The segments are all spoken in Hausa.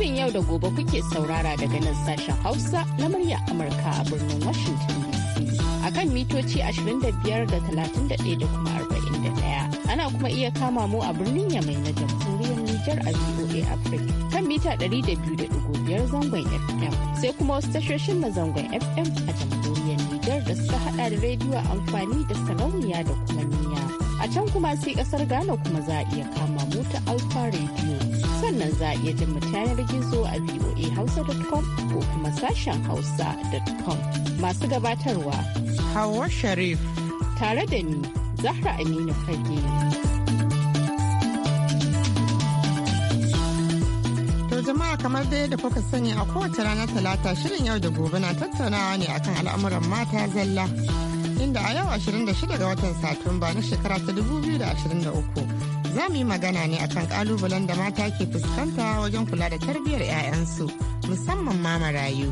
Shirin yau da gobe kuke saurara daga nan sashen Hausa na murya Amurka a birnin Washington DC. A kan mitoci 25 da 31 da kuma 41. Ana kuma iya kama mu a birnin Yamai na jamhuriyar Nijar a VOA Africa kan mita 200.5 zangon FM. Sai kuma wasu tashoshin na zangon FM a jamhuriyar Nijar da suka hada da rediyo amfani da sarauniya da kuma ni. A can kuma sai kasar Ghana kuma za a iya kama mu Alfa Radio. Sannan za a iya jin mu gizo a voahausa.com ko kuma sashen hausa.com. Masu gabatarwa. Hawa Sharif. Tare da ni, Zahra Aminu Fage. jama'a kamar dai da kuka sani a kowace ranar talata shirin yau da gobe na tattaunawa ne akan al'amuran mata zalla da a yau 26 ga watan Satumba na shekara ta 2023 za mu yi magana ne akan kalubalen da mata ke fuskanta wajen kula da tarbiyyar 'ya'yansu musamman ma marayu.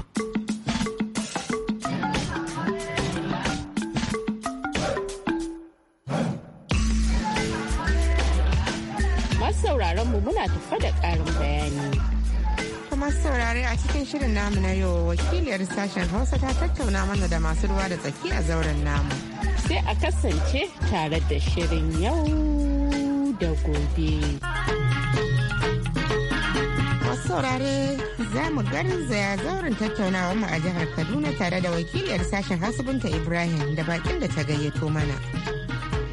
Masu sauraron mu muna tafa da ƙarin bayani. masu saurare a cikin shirin namu na yau wakiliyar sashen hausa ta tattauna mana da masu ruwa da tsaki a zauren namu sai a kasance tare da shirin yau da gobe masu saurare za mu garzaya zauren tattaunawa mu a jihar kaduna tare da wakiliyar sashen hasubinta ibrahim da bakin da ta gayyato mana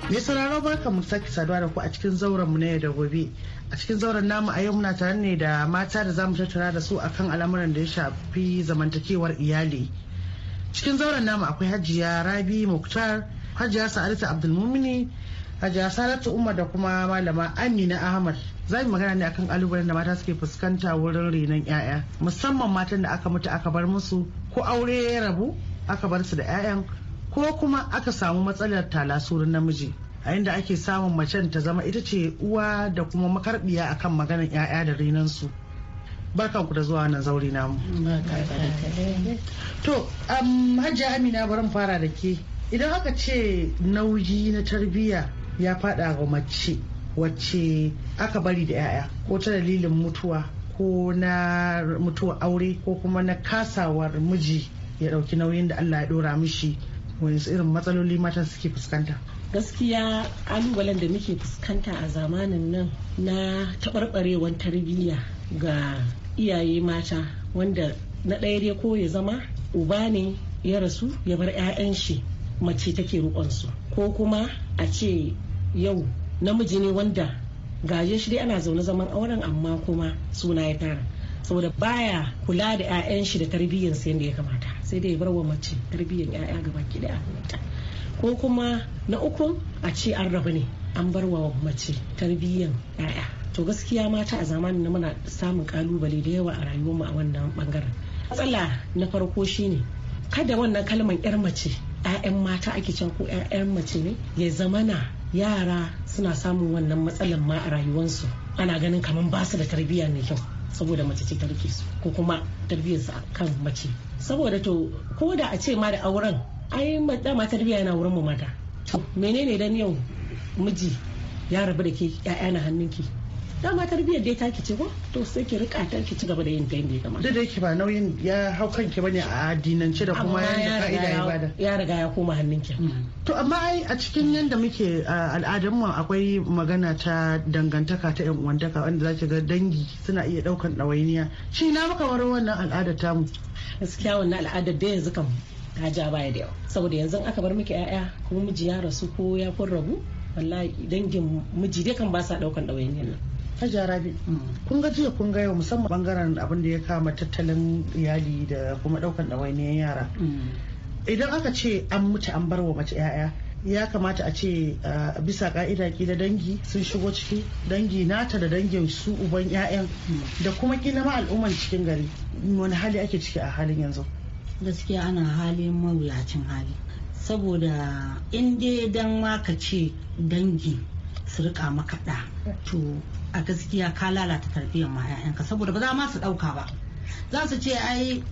Mai sauraro barka mu sake saduwa da ku a cikin zauren mu na yau da gobe. A cikin zauren namu a yau muna tare ne da mata da zamu tattara da su akan al'amuran da ya shafi zamantakewar iyali. Cikin zauren namu akwai Hajiya Rabi Muktar, Hajiya Sa'adatu Abdulmumini, Hajiya Saratu Umar da kuma Malama Amina Ahmad. Za mu magana ne akan kalubalen da mata suke fuskanta wurin renon 'ya'ya, musamman matan da aka mutu aka bar musu ko aure ya rabu aka bar su da 'ya'yan ko kuma aka samu matsalar talasurin namiji a inda ake samun macen ta zama ita ce uwa da kuma makarbiya akan maganar 'ya'ya da renansu barkanku da zuwa nan zauri namu to hajji amina bari fara da ke idan aka ce nauyi na tarbiyya ya fada ga mace wacce aka bari da 'ya'ya ko ta dalilin mutuwa ko na mutuwa aure ko kuma na kasawar miji ya dauki nauyin da Allah ya dora mishi wani irin matsaloli mata suke fuskanta gaskiya kalubalen da muke fuskanta a zamanin nan na taɓarɓarewan tarbiyya ga iyaye mata wanda na ɗaya dai ko ya zama uba ne ya rasu ya bar 'ya'yan shi mace take su ko kuma a ce yau namiji ne wanda gaje shi dai ana zaune zaman auren amma kuma suna ya tara saboda baya kula da 'ya'yan shi da tarbiyyar sa yadda ya kamata sai dai ya bar wa mace tarbiyyar 'ya'ya gaba baki da ko kuma na uku a ce an rabu ne an bar wa mace tarbiyyar 'ya'ya to gaskiya mata a zamanin na muna samun kalubale da yawa a rayuwarmu a wannan bangaren matsala na farko shine kada wannan kalmar 'yar mace 'ya'yan mata ake can ko 'ya'yan mace ne ya zamana yara suna samun wannan matsalar ma a rayuwarsu ana ganin kamar ba su da tarbiyya mai kyau saboda mace ce ta rike su ko kuma tarbiyyar sa kan mace saboda to ko da a ce ma da auren ai ma tarbiyya yana wurin mu mata to menene dan yau miji ya rabu da ke 'ya'ya na hannunki dama tarbiyyar dai taki ce ko to sai ki rika ta ki ci gaba da yin dai yadda da dai da ba nauyin ya hau kanki bane a addinance da kuma yanda ka'ida ya bada ya riga ya koma hannunki mm. to amma ai a cikin yanda muke al'adun mu akwai magana ta dangantaka ta yan uwantaka wanda zaki ga dangi suna iya daukan dawainiya shi na muka waro wannan al'ada mu gaskiya wannan al'adar da yanzu kam ta ja baya da yawa saboda yanzu aka bar miki 'ya'ya kuma miji ya rasu ko ya kun rabu wallahi dangin miji dai kan ba sa daukan ɗawainiyar nan Hajiya Rabi. Kun ga jiya kun ga yau musamman bangaren abin da ya kama tattalin iyali da kuma daukan ɗawainiyar yara. Idan aka ce an mutu an bar wa mace 'ya'ya ya kamata a ce bisa ka'ida kila dangi sun shigo ciki dangi nata da dangin su uban 'ya'yan da kuma kila ma al'umman cikin gari wani hali ake ciki a halin yanzu gaskiya ana halin mawuyacin hali saboda in dai dan ma ka ce dangi su rika maka to a gaskiya ka lalata tarbiyyar ma 'ya'yanka saboda ba za ma su ɗauka ba za su ce ai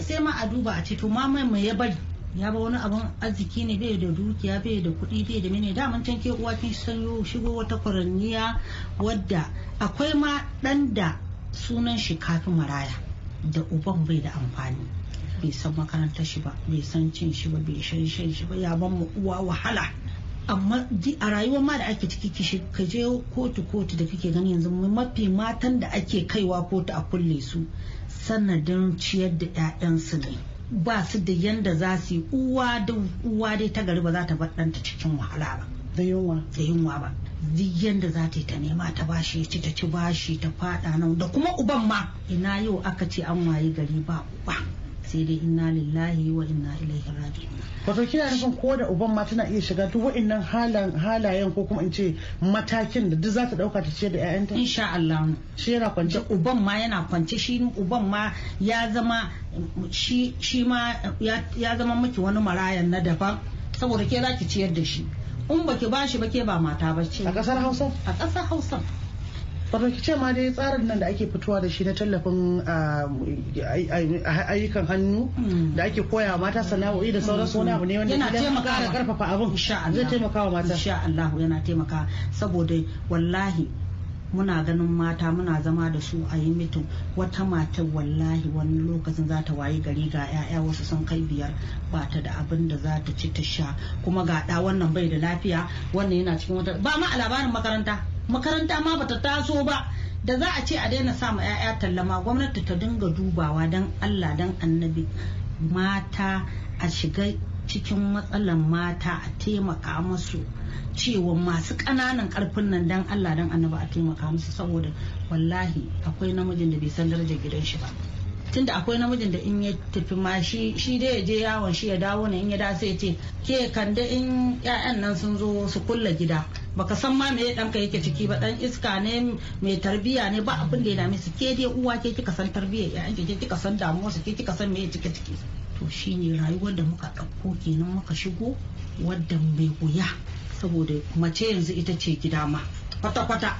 sai ma a duba a ce to ma mai ya bari ya ba wani abun arziki ne bai da dukiya bai da kuɗi bai da mene daman can ke uwa kin sanyo shigo wata kwaranniya wadda akwai ma dan da sunan shi kafin maraya da uban bai da amfani bai san makarantar shi ba bai san cin shi ba bai shan shan shi ba ya ban mu uwa wahala amma a rayuwar ma da ake ciki kishi ka je kotu kotu da kake gani yanzu mafi matan da ake kaiwa kotu a kulle su sanadin ciyar da 'ya'yansu ne ba su da yanda za su yi uwa da uwa dai ta gari ba za ta baɗanta cikin wahala ba da yunwa da yunwa ba duk yanda za ta yi ta nema ta bashi ci ta ci bashi ta faɗa nan da kuma uban ma ina yau aka ce an waye gari ba uba sai dai inna lillahi wa inna ilaihi raji'un wato kina nufin ko da uban ma tana iya shiga duk wa'annan halayen ko kuma in ce matakin da duk za ta dauka ta ce da ƴaƴanta insha Allah shi yana kwance uban ma yana kwance shi uban ma ya zama shi shi ma ya zama miki wani marayan na daban saboda ke za ki ciyar da shi in baki bashi ba ke ba mata ba ce a kasar Hausa a kasar Hausa Ba ce ma dai tsarin nan da ake fitowa da shi na tallafin ah, ayyukan hannu mm. da ake koya mata sana'o'i da sauran suna. Mm. abu ne wanda yana taimaka da karfafa abin zai taimaka wa mata. Insha Allah yana taimaka saboda wallahi muna ganin mata muna zama da su a yi mitin wata mata wallahi wani lokacin za ta wayi gari ga 'ya'ya wasu sun kai biyar ba ta da abin da za ta ci ta sha kuma ga wannan bai da lafiya wannan yana cikin wata ba ma a labarin makaranta makaranta ma bata taso ba da za a ce a daina sa ma 'ya'ya tallama gwamnati ta dinga dubawa don allah don annabi mata a shiga cikin matsalan mata a taimaka musu cewa masu ƙananan karfin nan dan Allah dan annabi a taimaka musu saboda wallahi akwai namijin da bai san darajar gidan shi ba tunda akwai namijin da in ya tafi ma shi shi dai ya je yawon shi ya dawo ne in ya da sai ce ke kande in yayan nan sun zo su kulla gida baka san ma me ka yake ciki ba dan iska ne mai tarbiya ne ba abin da ya dame su ke dai uwa ke kika san tarbiyyar ya ke kika san damuwar su ke kika san me cike ciki to shine rayuwar da muka ɗauko kenan muka shigo wadda mai wuya saboda mace yanzu ita ce gida ma kwata-kwata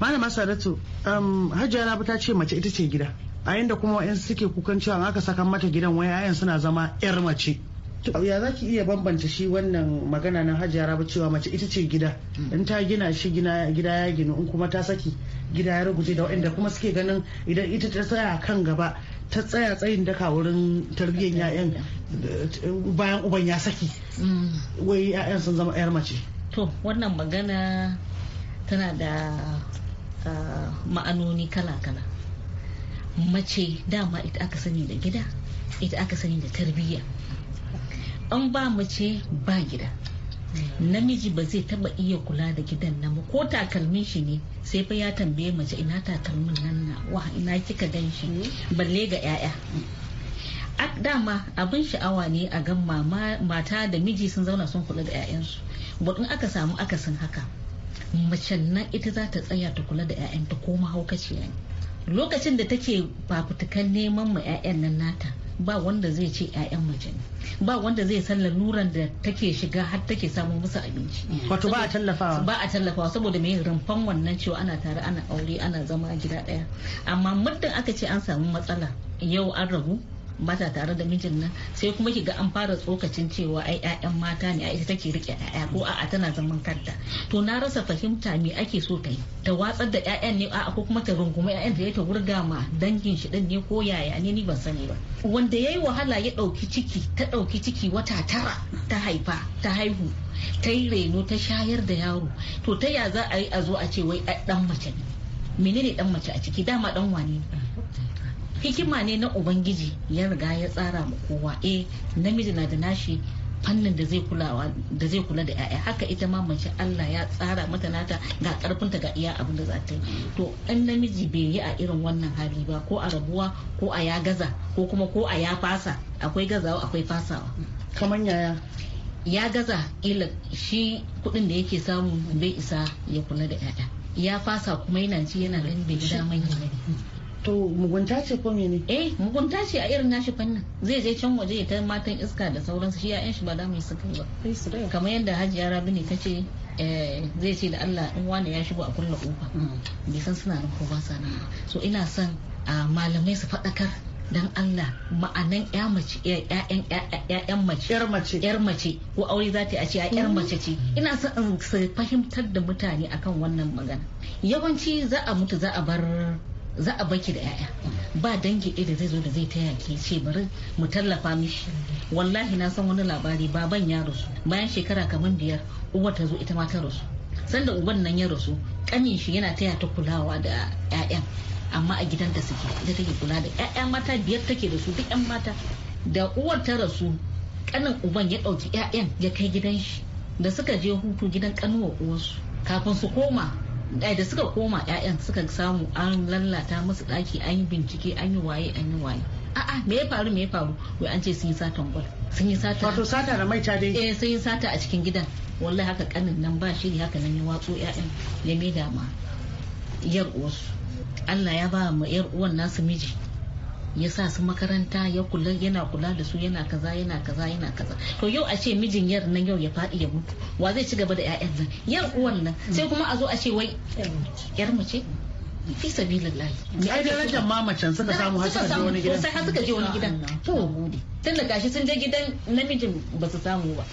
malama sadatu um, hajiya ta ce mace ita ce gida a yadda kuma wa'yansu suke kukan cewa aka saka mata gidan wai yayan suna zama yar mace to ya za ki iya bambanta shi wannan magana na hajiya raba cewa mace ita ce gida hmm. in ta gina shi gida ya ginu in kuma ta saki gida ya ruguje da waɗanda kuma suke ganin idan ita ta tsaya kan gaba ta tsaya tsayin daka wurin tarbiyyar 'ya'yan bayan uban ya saki hmm. wai 'ya'yan sun zama 'yar mace to wannan magana tana da ma'anoni kala-kala mace dama ita aka sani da gida ita aka sani da tarbiyya in ba mace ba gida namiji ba zai taba iya kula da gidan nan ko takalmin shi ne sai fa ya tambaye mace ina takalmin nan na wa ina kika gan shi balle ga yaya dama abin sha'awa ne a gan mata da miji sun zauna sun kula da 'ya'yansu in aka samu aka akasin haka macen nan ita za ta tsaya ta kula da 'ya'yanta koma haukaciya ne lokacin da take fafutukan neman ma 'ya'yan nan nata ba wanda zai ce 'ya'yan mace ne ba wanda zai san laluran da take shiga har take samu musu abinci wato ba a tallafawa ba a tallafawa saboda mai rumfan wannan cewa ana tare ana aure ana zama gida ɗaya amma muddin aka ce an samu matsala yau an rabu Mata tare da mijin nan sai kuma ki ga an fara tsokacin cewa ai ƴaƴan mata ne a ita take rike ƴaƴa ko a'a tana zaman kanta to na rasa fahimta me ake so ta yi ta watsar da ƴaƴan ne a'a ko kuma ta runguma ƴaƴan da ya ta wurga ma dangin shi din ne ko yaya ne ni ban sani ba wanda yayi wahala ya ɗauki ciki ta ɗauki ciki wata tara ta haifa ta haihu ta yi reno ta shayar da yaro to ta ya za a yi a zo a ce wai ɗan mace ne menene ɗan mace a ciki dama ɗan wane hikima ne na ubangiji ya riga ya tsara ma kowa eh namiji na da nashi fannin da zai kula da zai yaya haka ita ma mace Allah ya tsara mata nata ga karfinta ga iya abin da za ta yi to in namiji bai yi a irin wannan hali ba ko a rabuwa ko a ya gaza ko kuma ko a ya fasa akwai gazawa akwai fasawa kamar yaya ya gaza kila shi kudin da yake samu bai isa ya kula da yaya ya fasa kuma yana ci yana ganin bai daman yi to mugunta ce ko mene eh mugunta ce a irin nashi fannin zai je can waje ta matan iska da sauransu shi ya'yan shi ba za yi ba kamar yadda hajiya rabi ne ta ce eh, zai ce da Allah in wani ya shigo a kulla kofa mm. bai san suna nan ko ba sa nan so ina son malamai su faɗakar dan Allah ma'anan ya mace ya'yan mace yar mace ko aure za ta a ce yar mm. mace ce ina son su fahimtar da mutane akan wannan magana yawanci za a mutu za a bar za a baki da 'ya'ya ba dangi ɗaya zai zo da zai taya ke ce bari mu tallafa mishi wallahi na san wani labari baban ya rasu bayan shekara kamar biyar uwar ta zo ita ma ta rasu sanda uban nan ya rasu kanin shi yana taya ta kulawa da 'ya'yan amma a gidan da suke ita take kula da 'ya'ya mata biyar take da su duk 'yan mata da uwar ta rasu kanin uban ya ɗauki 'ya'yan ya kai gidan shi da suka je hutu gidan kanuwa uwarsu kafin su koma Eh, da suka koma 'ya'yan suka samu an lallata musu ɗaki an yi bincike an yi waye an yi waye a'a me ya faru me ya faru wai an ce sun yi satan gwal sun yi sata wato sata da mai dai eh sun yi sata a cikin gidan wallahi haka kanin nan ba shi haka nan ya watso 'ya'yan ya maida ma yar uwarsu Allah ya ba mu yar uwan nasu miji ya sa su makaranta ya kula yana kula da su yana kaza yana kaza yana kaza to yau a ce mijin yar nan yau ya faɗi ya mutu wa zai ci gaba da ƴaƴan nan yar uwan nan sai kuma a zo a ce wai yar mace fi sabilillahi me ai darajar mamacin suka samu har suka je wani gidan sai har suka je wani gidan to gode tun da gashi sun je gidan namijin ba su samu ba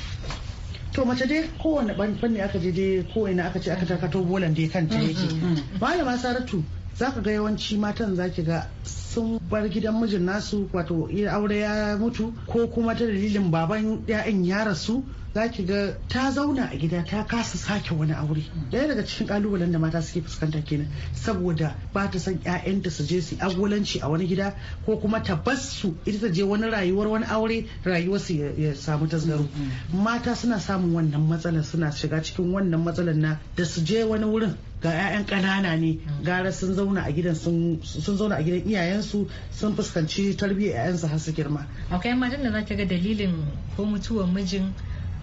to mace dai kowane fanni aka je dai kowane aka ce aka takato bolan dai ta yake mm-hmm. malama saratu za ka ga yawanci matan za ki ga sun bar gidan mijin nasu wato aure ya mutu ko kuma ta dalilin baban 'ya'yan ya rasu za ki ga ta zauna a gida ta kasa sake wani aure daya daga cikin kalubalen da mata suke fuskanta kenan saboda ba ta son 'ya'yanta su je su agolanci a wani gida ko kuma ta su ita ta je wani rayuwar wani aure rayuwar su ya samu tasgaro mm-hmm. mata suna samun wannan matsalar suna shiga cikin wannan matsalar na da su je wani wurin ga 'ya'yan ƙanana ne gara sun zauna a gidan sun zauna a gidan iyayensu sun fuskanci tarbiyyar 'ya'yansu har su girma akwai matan da za ka ga dalilin ko mutuwar mijin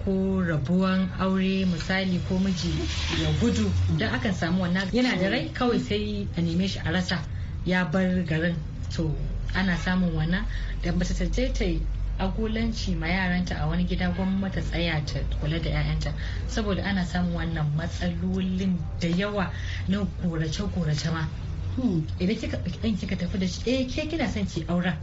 ko rabuwan aure misali ko miji ya gudu don akan samu wannan yana da rai kawai sai a neme shi a rasa ya bar garin to ana samun wannan da ta ta agolanci ma yaranta a wani gida gwamnati tsaya ta kula da 'ya'yanta saboda ana samun wannan matsalolin da yawa na gorace-gorace ma hmm. idan kika ɗan kika tafi da shi eh ke kina son ki auren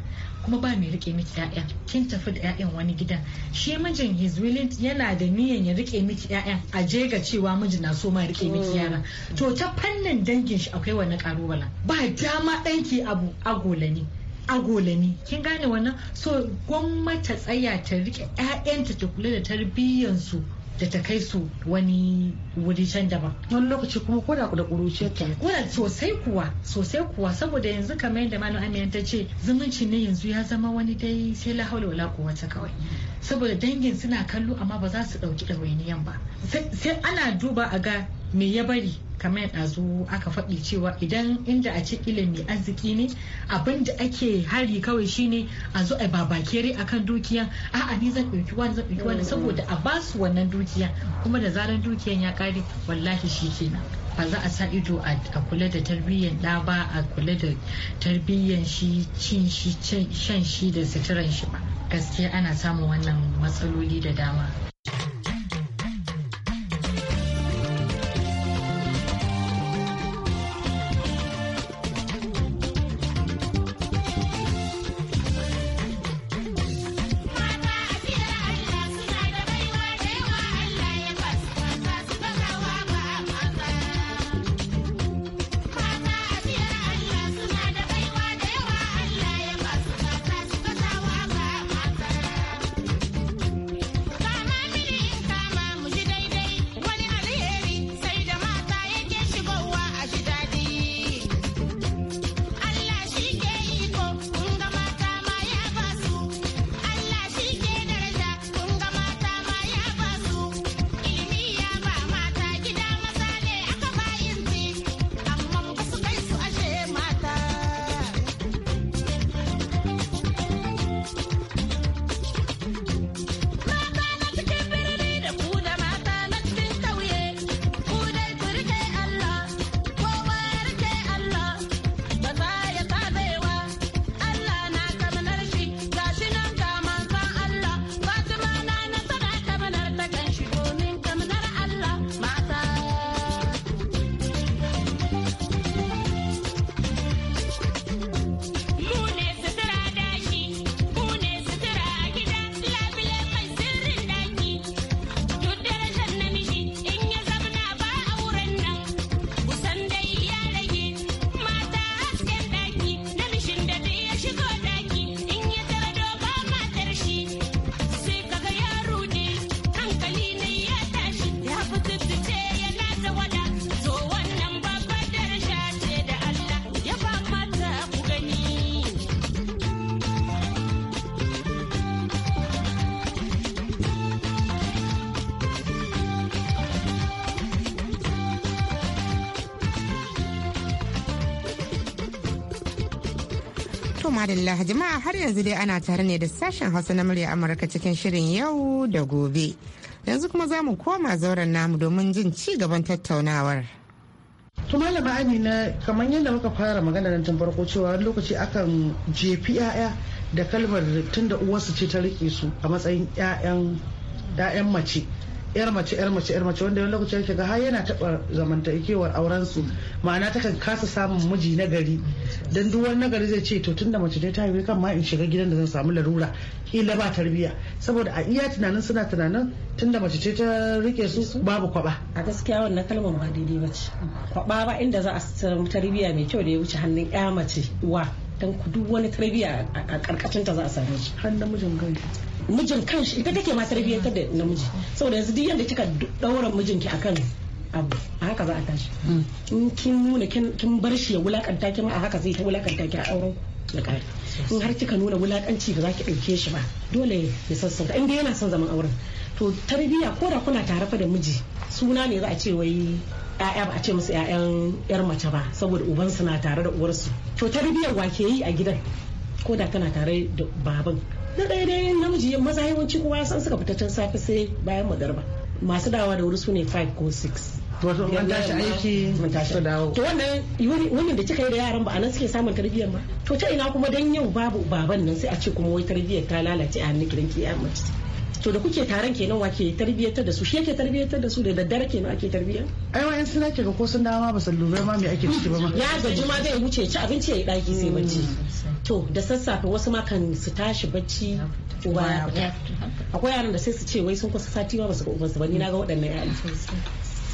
kuma ba mai rike miki yayan kin tafi da ƴaƴan wani gida shi mijin his willing yana da niyan ya rike miki yayan a je ga cewa mijin na so ma rike miki yara hmm. to ta fannin dangin shi akwai wani karuwala ba dama ɗanki abu agolani ne agolani ne kin gane wannan so gwamnati tsaya ta rike 'ya'yanta ta kula da tarbiyyansu da ta kai su wani wuri can daban wani lokaci kuma koda da kuruci ta kuna sosai kuwa sosai kuwa saboda yanzu kamar yadda malam amiya ta ce zumunci ne yanzu ya zama wani dai sai la haula wala quwwata kawai saboda dangin suna kallo amma ba za su dauki ɗawainiyan ba sai ana duba a ga me ya bari kamar ɗazu aka faɗi cewa idan inda a cikin ilimi arziki ne abinda ake hari kawai shine a zo a babakere akan dukiya a ni zan ɗauki wani zan ɗauki wani saboda a basu wannan dukiya kuma da zaran dukiyan ya ƙare wallahi shi kenan ba za a sa ido a kula da tarbiyyan ɗa ba a kula da tarbiyyan shi cin shi shan shi da suturan shi ba gaskiya ana samun wannan matsaloli da dama To madalla jama'a har yanzu dai ana tare ne da sashen hausa na murya Amurka cikin shirin yau da gobe. Yanzu kuma za mu koma zauren namu domin jin ci gaban tattaunawar. to malama amina kamar yadda muka fara magana nan tun farko cewa lokaci akan jefi 'ya'ya da kalmar tunda uwarsu ce ta rike su a matsayin 'ya'yan mace yar mace yar mace yar mace wanda wani lokaci yake ga har yana taɓa zamantakewar auren su ma'ana kan kasa samun miji na gari dan duk wani nagari zai ce to tunda mace dai ta yi kan ma in shiga gidan da zan samu larura kila ba tarbiya saboda a iya tunanin suna tunanin tunda mace ce ta rike su babu kwaba a gaskiya wannan kalmar ba daidai ba ce kwaba ba inda za a samu tarbiya mai kyau da ya wuce hannun ya mace uwa dan ku duk wani tarbiyya a karkashin ta za a same shi har namijin kanshi mijin kanshi ita take ma tarbiyyantar da namiji saboda yanzu duk yanda kika daura mijinki akan abu a haka za a tashi hmm. in kin nuna kin bar shi ya wulakanta ki ma a haka zai ta wulakanta ki a auren da kare in har kika nuna wulakanci ba za ki dauke shi ba dole ya sassauta inda yana son zaman auren to tarbiyya ko da kuna tare fa da miji suna ne za a ce wai 'ya'ya ba a ce musu 'ya'yan 'yar mace ba saboda uban na tare da uwarsu to tarbiyyar wa ke yi a gidan ko da kana tare da baban na ɗaya dai namiji maza yawanci kowa ya san suka fita can safe sai bayan magarba masu dawa da wuri su ne 5 ko 6 wato mun tashi aiki mun tashi dawo to wannan wannan da kika yi da yaran ba anan suke samun tarbiyyar ba to ta ina kuma dan yau babu baban nan sai a ce kuma wai tarbiyyar ta lalace a hannun gidan ki ya mace to da kuke taron kenan wa ke tarbiyyatar da su shi yake tarbiyyatar da su da daddare kenan ake tarbiyya ai wayan suna ke ga ko sun dawo ma ba lura ma me ake ciki ba ma ya gaji ma zai wuce ci abinci ya yi daki sai bacci mm. to da sassafe wasu ma kan su tashi bacci uba akwai yaran da sai su ce wai sun kusa sati ma ba ga ubansu ba ni na ga waɗannan yaran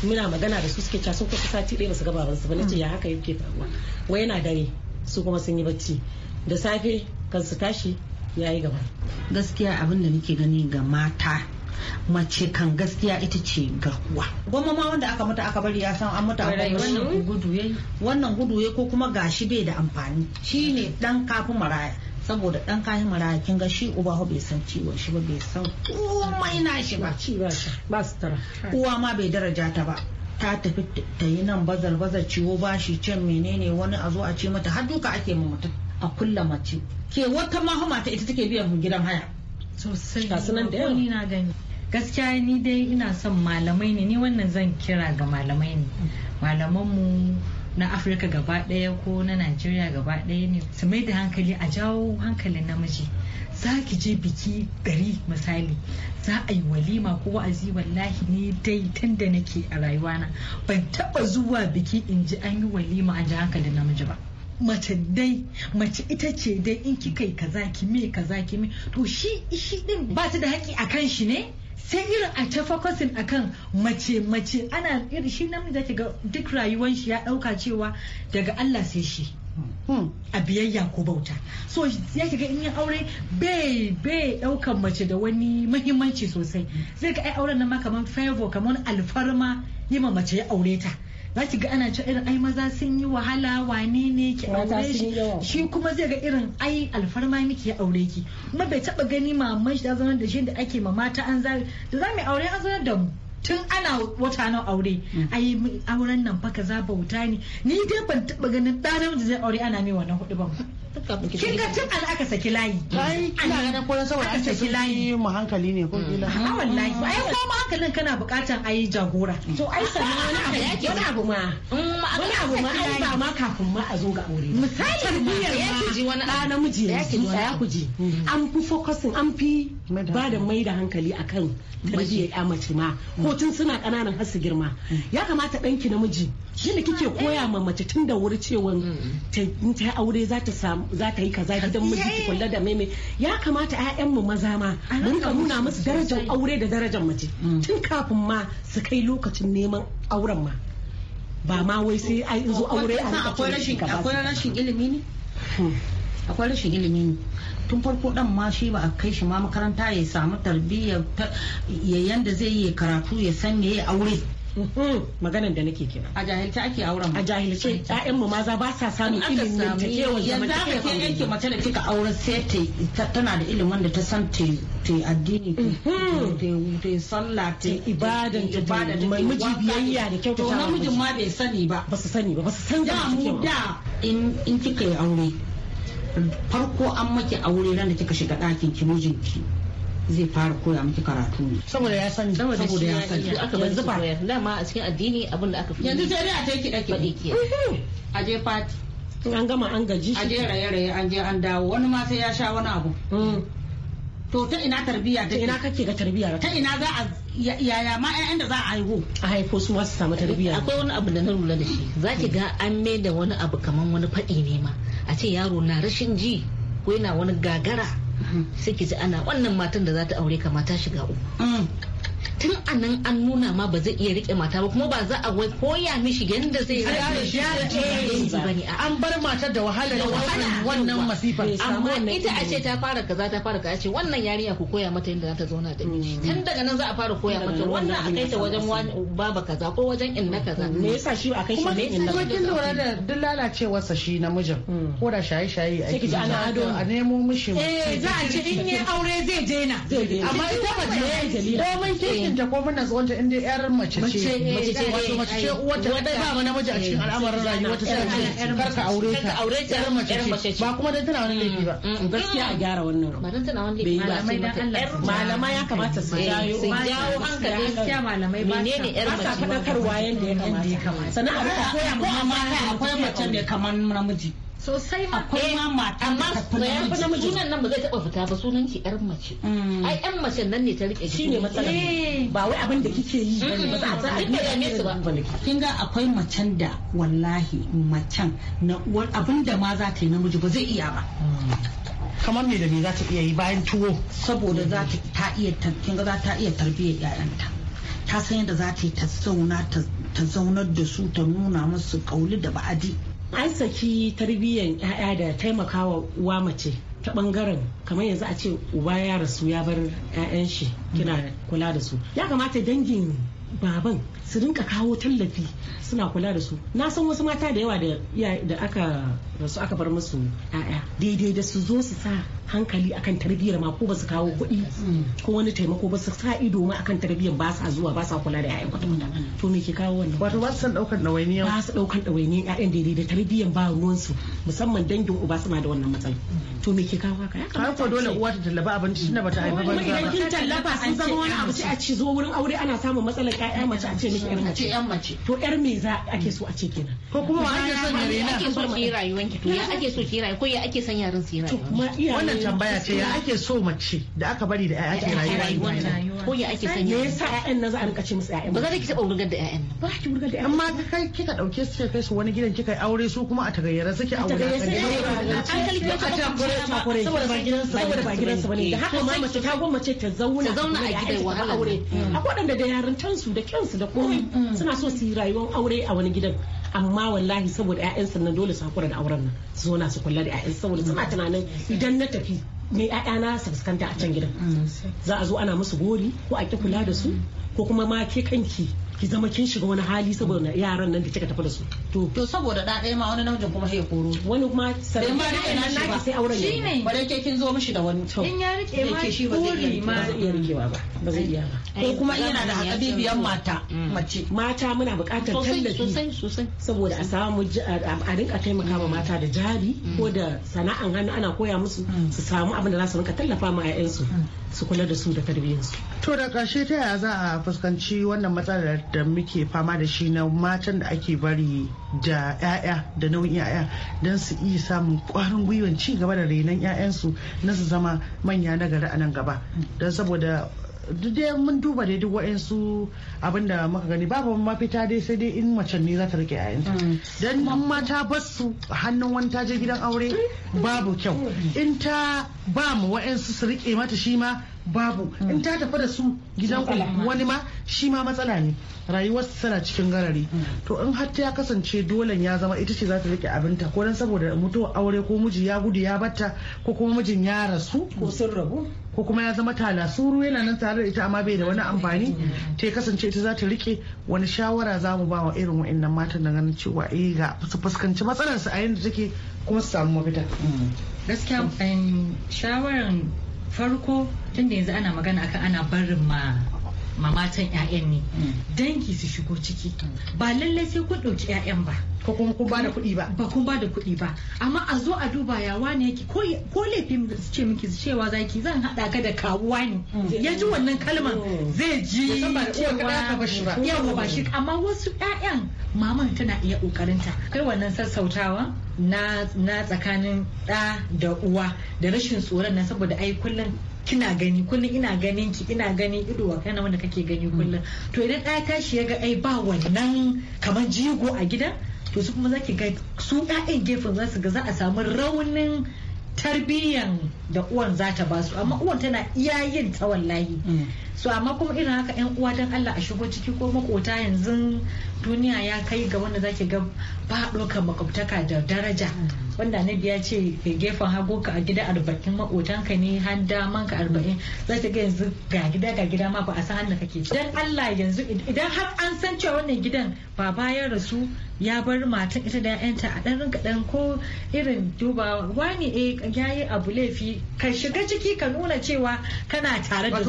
muna magana da su suke cewa sun kusa sati ɗaya basu ga babansu ba ce ya haka yake faruwa wai yana dare su kuma sun yi bacci da safe kan su tashi ya yi gaba gaskiya abin da nake gani ga mata mace kan gaskiya ita ce garkuwa goma ma wanda aka mata aka bari ya san an mata wannan gudu ya wannan gudu ko kuma gashi bai da amfani shine dan kafin maraya saboda dan kafi maraya kin ga shi uba bai san ciwon shi ba bai san komai na shi ba ci ba ba tara uwa ma bai daraja ta ba ta tafi ta yi nan bazar bazar ciwo ba shi can menene wani a zo a ce mata har duka ake ma a kulla mace ke wata ma mata ita take biyan gidan haya sosai ga sunan da yawa gani gaskiya ni dai ina son malamai ne ni wannan zan kira ga malamai ne malaman mu na afirka gaba daya ko na najeriya gaba daya ne su mai da hankali a jawo hankalin namiji za ki je biki dari misali za a yi walima ko wa'azi wallahi ne dai tun da nake a rayuwa na ban taɓa zuwa biki in ji an yi walima a ji hankalin namiji ba mace dai mace ita ce dai in kika yi kaza ki me kaza ki me to shi shi din ba ta da haƙƙi akan shi ne sai irin a ta focusin akan mace mace ana irin shi namiji zaki ga duk rayuwar shi ya dauka cewa daga Allah sai shi hmm. a biyayya ko bauta so ya shiga in yin aure bai bai daukan mace da wani muhimmanci sosai zai ga ai auren nan ma kamar favor kamar alfarma yi ma mace ya aure ta za ki ga ana cewa irin ai maza sun yi wahala wane ne ki aure shi shi kuma zai ga irin ai alfarma miki ya aure ki kuma bai taba gani maman shi ta zama da shi da ake ma mata an zabi da za mu aure an zanar da mu tun ana wata na aure mm. ai auren nan fa kaza bauta ne ni dai ban taba ganin ɗan namiji zai aure ana mai wannan hudu mu kafin ki kin ga tun ala aka saki layi ai kina ganin ko saboda aka saki layi mu hankali ne ko kila a wallahi mm. ai ko mu hankalin kana bukatan ai jagora to ai sannan wani abu wani abu ma mm, wani abu ma ai ba ma kafin ma a zo ga aure misali tarbiyyar ma ji wani da namiji ya ki ya ku ji mm. an fi focusing an fi ba da mai da hankali akan tarbiyyar ya mace ma ko tun suna kananan har su girma ya kamata danki namiji yadda kike koya ma mace tun da wuri cewa ta yi aure za ta samu za ta yi kaza gidan miji ki kula da meme ya kamata ƴaƴan mu maza ma mu rika nuna musu darajar aure da darajar mace mm. tun kafin ma su kai lokacin neman auren ma ba ma wai sai ai zo aure a akwai rashin akwai rashin ilimi ne hmm. akwai rashin ilimi ne tun farko dan ma shi ba a kai shi ma makaranta ya samu tarbiyya ya yanda zai yi karatu ya san me ya aure Mhm. maganan da nake kira a jahilci ake auren a jahilci ƴaƴan mu maza ba sa samun ilimin da kewa yanzu haka ke yanke mace da kika aure sai ta tana da ilimin wanda ta san ta addini ta ta mhm. sallah ta ibadan ta mai miji biyayya da kyau ta mijin ma bai sani ba ba su sani ba ba su san da mu da in kika yi aure farko an maki aure ran da kika shiga ɗakin ki mijinki zai fara koya miki karatu ne saboda ya sani saboda ya sani aka yanzu ba dama a cikin addini abin da aka fi yanzu sai dai a take dake dake a je fati an gama an gaji shi a je raye raye an je an dawo wani ma sai ya sha wani abu hmm. to ta ina tarbiya ta ina kake ga tarbiya ta ina za a yaya ma ƴaƴan da za a haihu a haifo su ma su samu tarbiya akwai wani abu da na lura da shi zaki ga an mai da wani abu kaman wani fadi ne ma a ce yaro na rashin ji ko yana wani gagara sai ki ji ana wannan matan da za ta aure ka mata shiga uku mm. tun a nan an nuna ma ba zai iya rike mata ba kuma ba za a wai koya mishi yadda zai rike an bar mata da wahala da wannan masifar amma ita a ce ta fara kaza ta fara kaza ce wannan yarinya ku koya mata yadda za ta zauna da ni tun daga nan za a fara koya mata wannan a kai ta wajen baba kaza ko wajen inna kaza me yasa shi a kai shi ne inna kuma kin lura da duk sa shi mijin ko da shaye shaye a ji ana ado a nemo mishi eh za a ce in yi aure zai na amma ita ba ta domin kin cikin ta ko muna zuwan ta yar mace ce mace ce eh, mace ce eh, da ba namiji a cikin al'amarin rayuwa ta sai karka aure ta aure ta yar mace ce ba kuma dan tana wani laifi ba gaskiya a gyara wannan ba dan tana wani laifi ba malamai dan Allah ya kamata su eh, jawo su jawo hankali gaskiya malamai ba menene yar mace ba ka fadakarwa yanda ya kamata a koya akwai mace ne kamar namiji sosai ma akwai ma eh, mata amma ya fi namiji sunan nan ba zai taba fita ba sunan ki yar mace mm. ai yan mace nan ne ta rike shine matsala eh. ba wai abin da kike yi ba za ta ba kin ga akwai macen da wallahi macen na abin da ma za ta yi namiji ba zai iya ba kamar me da me za ta iya yi bayan tuwo saboda za ta iya kin ga za ta iya tarbiyyar 'ya'yanta ta san yadda za ta yi ta zauna ta zaunar da su ta nuna musu kauli da ba'adi an saki tarbiyyar 'ya'ya da taimakawa uwa mace ta ɓangaren kamar yanzu a ce uba ya rasu ya bar 'ya'yan shi kina mm. kula da su ya kamata dangin baban su rinka kawo tallafi suna kula da su na san wasu mata da yawa da aka da su aka bar musu ya'ya daidai da su zo su sa hankali akan tarbiyyar ma ko ba su kawo kuɗi ko wani taimako ba su sa ido ma akan tarbiyyar ba sa zuwa ba sa kula da ƴaƴan kwata-kwata to me ke kawo wannan wato ba su san daukar ɗawainiya ba su daukar ɗawainiya ƴaƴan daidai da tarbiyyar ba ruwan su musamman dangin uba suna da wannan matsala to me ke kawo haka ya kamata dole uwa ta tallaba abinci tunda bata haifa ba kuma idan kin tallafa sun zama wani abu sai a ci zo wurin aure ana samun matsalar ƴaƴa mace a ce miki ƴan mace to ƴar me za ake so a ce kenan ko kuma ba ake son ne na ake so ki rayuwa auren to ya ake so ki rayu ko ya ake son yaran su rayu wannan tambaya ce ya ake so mace da aka bari da ake rayuwa ko ya ake son ya sa ƴaƴan nan za a rikace ce musu ƴaƴan ba za ki taɓa wurgar da ƴaƴan ba ki wurgar da amma kai kika dauke su kai su wani gidan kika yi aure su kuma a tagayyara suke aure a wurin saboda ba gidansu saboda ba su bane da haka ma mace ta gwamma ce ta zauna a gidan wahala aure mm. akwai waɗanda da yarintansu da kansu da komai mm. suna so su yi rayuwar aure a wani gidan amma wallahi saboda 'ya'yansa na dole su hakura da auren nan su zo na su kula da 'ya'yansa saboda suna tunanin idan na tafi mai na su fuskanta a can gidan mm, za a zo ana musu gori ko a ki kula da su ko kuma ma ke kanki ki zama kin shiga wani hali saboda yaran nan da kika tafi da su to to saboda da ɗaya ma wani namijin kuma sai koro wani kuma sai ba da na shi ba sai auren shi ne ba dai kin zo mishi da wani to in ya rike ma shi ba zai iya rikewa ba ba zai iya ba ko kuma yana da bibiyan mata mm. mace mata muna buƙatar tallafi Sosai-sosai. saboda a samu a rinka taimaka ma mata da jari mm. ko da sana'an hannu ana koya musu mm. su samu abin da za su rinka tallafa ma 'ya'yansu su kula da su da tarbiyyarsu to da ƙarshe ta yaya za a fuskanci wannan matsalar da muke fama da shi na matan da ake bari da 'ya'ya da nau'in 'ya'ya don su iya samun kwarin gwiwan ci gaba da renon 'ya'yansu na su zama manya na gari a nan gaba don saboda dai mun duba dai duk wa'insu abinda muka gani babu ma mafita dai sai dai in macen ne za ta rike yayanta mm. dan ma ta basu hannun wani ta je gidan aure babu kyau in ta ba mu wa'insu su rike mata shi ma babu mm. in ta tafi da su gidan wani ma shi ma matsala ne rayuwar tana cikin garari mm. to in har ta kasance dole ya zama ita ce za ta rike abinta ko dan saboda mutuwar aure ko miji ya gudu ya batta ko kuma mijin ya rasu ko sun rabu ko kuma ya zama tala suru yana nan tare da ita amma bai da wani amfani ta kasance ita za ta rike wani shawara za mu ba wa irin wa'annan matan da ganin cewa eh ga su fuskanci matsalar su a yanda take kuma su samu mafita gaskiya um, shawaran farko tun da yanzu ana magana akan ana barin ma mamatan 'ya'yan ne mm. dangi su shigo ciki ba lallai sai ku ɗauki 'ya'yan ba ko kuma kun bada kuɗi ba ba kun bada kuɗi ba amma a zo a duba ya wani yake ko laifin su ce miki cewa zaki zan haɗa ka da kawuwa ne mm. ya ji wannan kalmar mm. zai ji yawa ba shi amma wasu ƴaƴan maman tana iya ƙoƙarinta kai wannan sassautawa na tsakanin ɗa da uwa da rashin tsoron nan saboda ai kullum kina gani kullum ina ganin ki ina gani ido wa kana wanda kake gani kullum mm. to idan ɗaya tashi ya ga ai ba wannan kamar jigo a gidan to su kuma zaki ga su ƴaƴan gefen za su ga za a samu raunin tarbiyyan da uwan za ta su amma uwan tana iya yin tsawon layi. Mm. su amma kuma irin haka yan uwa dan Allah a shigo ciki ko makota yanzu duniya ya kai ga wanda zaki ga ba ɗaukar makwabtaka da daraja wanda na biya ce gefen hagu ka a gida arba'in ka ne har daman ka arba'in za ta ga yanzu ga gida ga gida ma ba a san hannu kake dan Allah yanzu idan har an san cewa wannan gidan ba bayan rasu ya bar matan ita da yanta a dan rinka dan ko irin duba wani eh yayi abu laifi ka shiga ciki ka nuna cewa kana tare da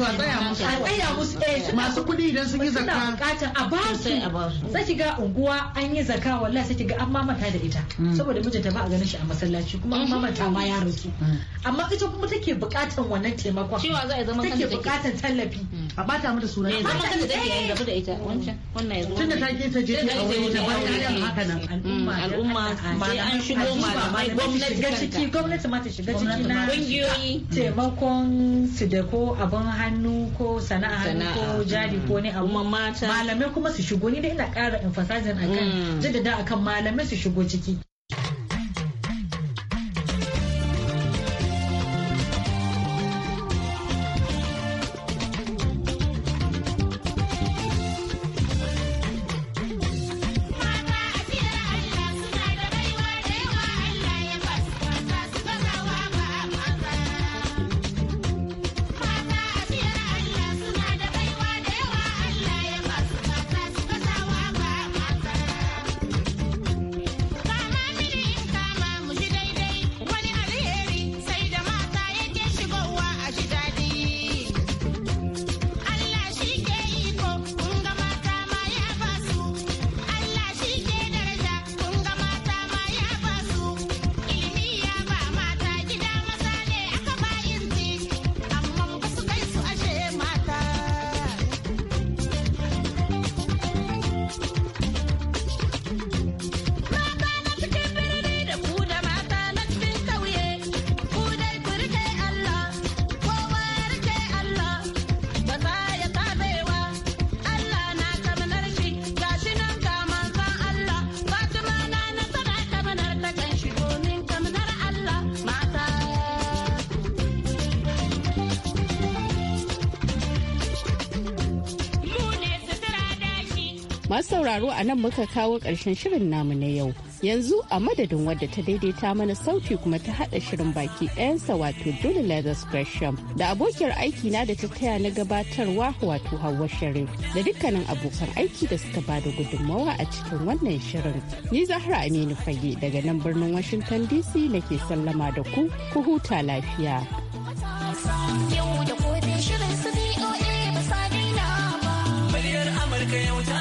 su a tsaya musu eh, masu kuɗi idan sun yi zakka bukatar a ba su sai kiga unguwa an yi zakka wallahi sai kiga an mamata da ita mm. saboda ta ba a ganin shi a masallaci kuma an mamata ma ya rasu mm. amma ita kuma take bukatar wannan taimakon cewa za a zama take bukatar tallafi a ba ta mata suna. ne zama kanta take yin gaba da ita eh. wancan wannan yazo tunda ta ke ta je ta aure ta bar kayan haka nan mm, al'umma al'umma sai an shigo malamai gwamnati ga ciki gwamnati ma ta shiga ciki na kungiyoyi taimakon su da ko abin hannu ko sana'a ko jari ko ne abu malamai kuma su shigo ni da ina ƙara emphasizing akan mm. jaddada akan malamai su shigo ciki Masu sauraro a nan muka kawo ƙarshen shirin namu na yau. Yanzu a madadin wadda ta daidaita mana sauti kuma ta haɗa shirin baki ɗayansa wato dole Leathers Gresham da abokiyar aiki na da ta taya na gabatarwa wato hawa Sharif da dukkanin abokan aiki da suka ba da gudunmawa a cikin wannan shirin. Ni Zahra Aminu Fage daga nan birnin Washington DC nake sallama da ku, ku huta lafiya. Yau da shirin su ba sa daina ba. Muryar Amurka yau ta